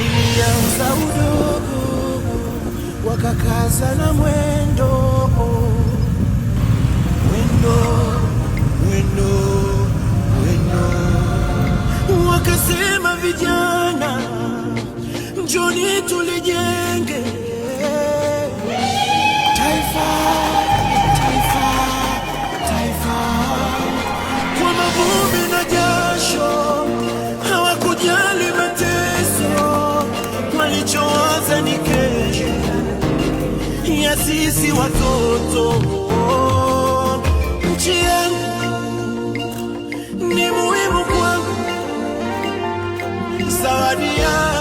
Ilianza udogo, wakakaza na mwendo, mwendo, mwendo, mwendo. Wakasema vijana, njoni tulijenge ya sisi watoto. Nchi yangu ni muhimu kwangu, zawadi yangu